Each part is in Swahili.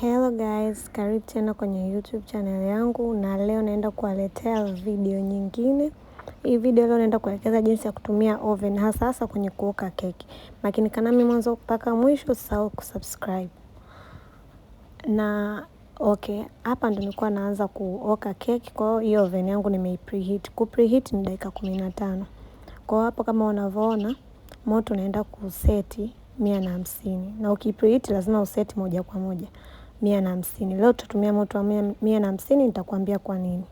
Hello guys, karibu tena kwenye YouTube channel yangu, na leo naenda kuwaletea video nyingine. Hii video leo naenda kuelekeza jinsi ya kutumia oven hasa hasa kwenye kuoka keki. Lakini kana mimi mwanzo mpaka mwisho, usisahau kusubscribe. Na okay, hapa ndo nilikuwa naanza kuoka keki, kwa hiyo hii oven yangu nimeipreheat. Kupreheat ni dakika 15. Kwa hiyo hapo kama unavyoona moto unaenda kuseti mia na na ukipreheat lazima useti moja kwa moja mia na hamsini. Leo tutatumia moto wa mia na hamsini, nitakuambia kwa nini.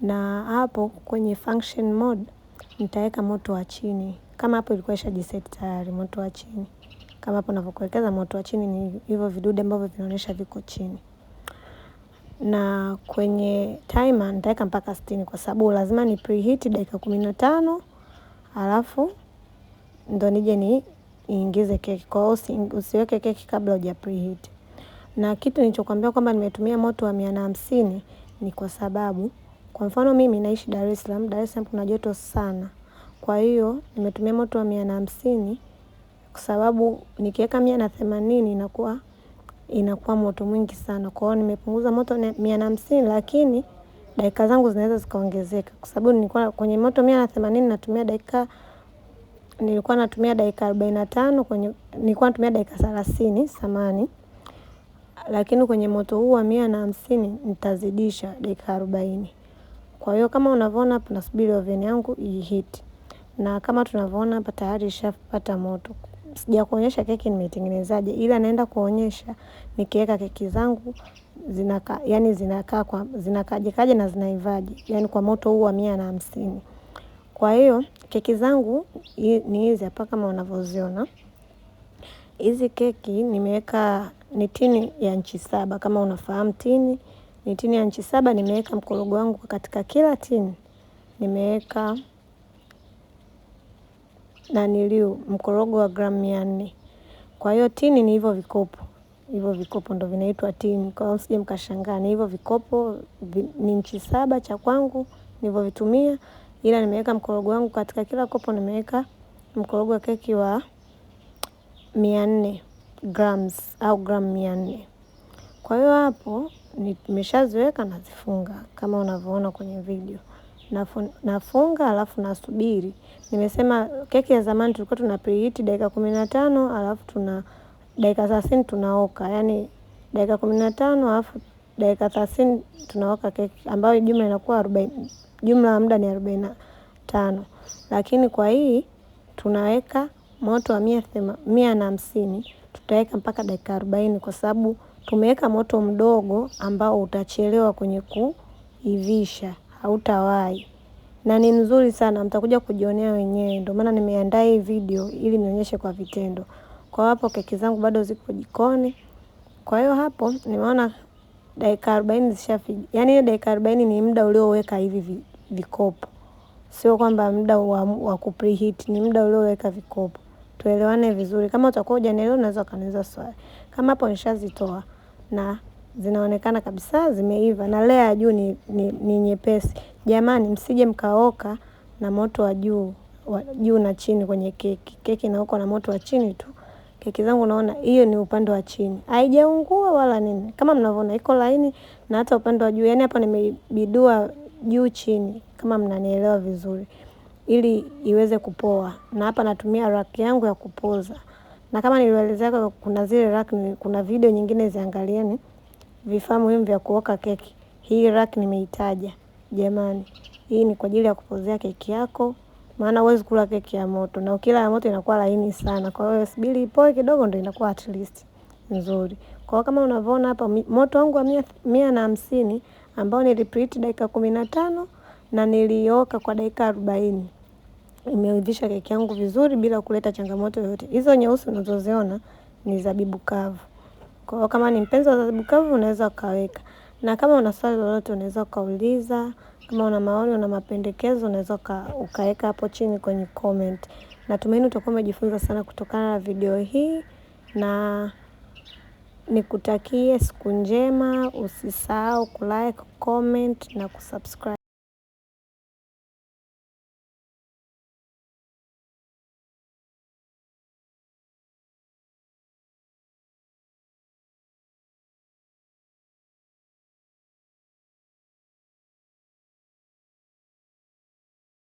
Na hapo kwenye function mode nitaweka moto wa chini, kama hapo ilikuwa ishajiset tayari, moto wa chini kama hapo navyokuelekeza. Moto wa chini ni hivyo vidude ambavyo vinaonyesha viko chini na kwenye timer nitaweka mpaka 60 kwa sababu lazima ni preheat dakika kumi na tano alafu ndo nije ni ingize keki. Kwa hiyo usiweke keki kabla huja preheat. Na kitu nilichokwambia kwamba nimetumia moto wa mia na hamsini ni kwa sababu, kwa mfano mimi naishi Dar es Salaam. Dar es Salaam kuna joto sana, kwa hiyo nimetumia moto wa mia na hamsini kwa sababu nikiweka mia na themanini inakuwa inakuwa moto mwingi sana. Kwa hiyo nimepunguza moto mia na hamsini, lakini dakika zangu zinaweza zikaongezeka, kwa sababu nilikuwa kwenye moto mia na themanini natumia dakika nilikuwa natumia dakika arobaini na tano kwenye nilikuwa natumia dakika thelathini samani lakini kwenye moto huu wa mia na hamsini nitazidisha dakika arobaini. Kwa hiyo kama unavyoona hapa, nasubiri oveni yangu ihiti, na kama tunavyoona hapa tayari ishapata moto. sija kuonyesha keki nimetengenezaje, ila naenda kuonyesha nikiweka keki zangu zinaka, yani zinakaa kwa zinakajikaje na zinaivaje, yani kwa moto huu wa mia na hamsini. Kwa hiyo keki zangu ni hizi hapa kama unavyoziona. Hizi keki nimeweka ni tini ya nchi saba. Kama unafahamu tini ni tini ya nchi saba, nimeweka mkorogo wangu katika kila tini nimeweka naniliu mkorogo wa gramu mia nne. Kwa hiyo tini ni hivyo vikopo, hivyo vikopo ndo vinaitwa tini. Kwa hiyo msije mkashangaa, ni hivyo vikopo ni nchi saba cha kwangu nilivyovitumia, ila nimeweka mkorogo wangu katika kila kopo, nimeweka mkorogo wa keki wa mia nne grams au gramu mia nne. Kwa hiyo hapo nimeshaziweka nazifunga kama unavyoona kwenye video. Nafunga alafu nasubiri. Nimesema keki ya zamani tulikuwa tuna preheat dakika kumi na tano alafu tuna dakika thelathini tunaoka, yaani dakika kumi na tano alafu dakika thelathini tunaoka keki ambayo jumla inakuwa arobaini, jumla ya muda ni arobaini na tano, lakini kwa hii tunaweka moto wa mia na hamsini tutaweka mpaka dakika arobaini kwa sababu tumeweka moto mdogo ambao utachelewa kwenye kuivisha, hautawai na ni mzuri sana, mtakuja kujionea wenyewe. Ndio maana nimeandaa hii video ili nionyeshe kwa vitendo. Kwa hapo keki zangu bado ziko jikoni, kwa hiyo hapo nimeona dakika arobaini zishafika. Yani hiyo dakika arobaini ni muda ulioweka hivi vikopo, sio kwamba muda wa kupreheat, ni muda ulioweka vikopo tuelewane vizuri. Kama utakuwa hujanielewa unaweza ukaniuliza swali. Kama hapo nishazitoa na zinaonekana kabisa zimeiva na layer ya juu ni, ni, ni nyepesi. Jamani, msije mkaoka na moto wa juu wa juu na chini kwenye keki. Keki inaoka na moto wa chini tu. Keki zangu naona hiyo ni upande wa chini, haijaungua wala nini, kama mnavyoona iko laini, na hata upande wa juu. Yani hapa nimebidua juu chini, kama mnanielewa vizuri ili iweze kupoa, na hapa natumia rack yangu ya kupoza. Na kama nilivyoelezea, kuna zile rack, kuna video nyingine ziangalieni, vifaa muhimu vya kuoka keki. Hii rack nimeitaja jamani, hii ni kwa ajili ya kupozea keki yako, maana huwezi kula keki ya moto, na ukila ya moto inakuwa laini sana. Kwa hiyo subiri ipoe kidogo, ndio inakuwa at least nzuri. Kwa hiyo kama unavyoona hapa, moto wangu wa mia, mia na hamsini ambao nilipreheat dakika kumi na tano na nilioka kwa dakika arobaini imeivisha keki yangu vizuri bila kuleta changamoto yoyote. Hizo nyeusi unazoziona ni zabibu kavu. Kwa hiyo kama ni mpenzi wa zabibu kavu unaweza ukaweka, na kama una swali lolote unaweza ukauliza. Kama una maoni, una mapendekezo unaweza ukaweka hapo chini kwenye comment. Natumaini utakuwa umejifunza sana kutokana na video hii, na nikutakie siku njema. Usisahau kulike, comment na kusubscribe.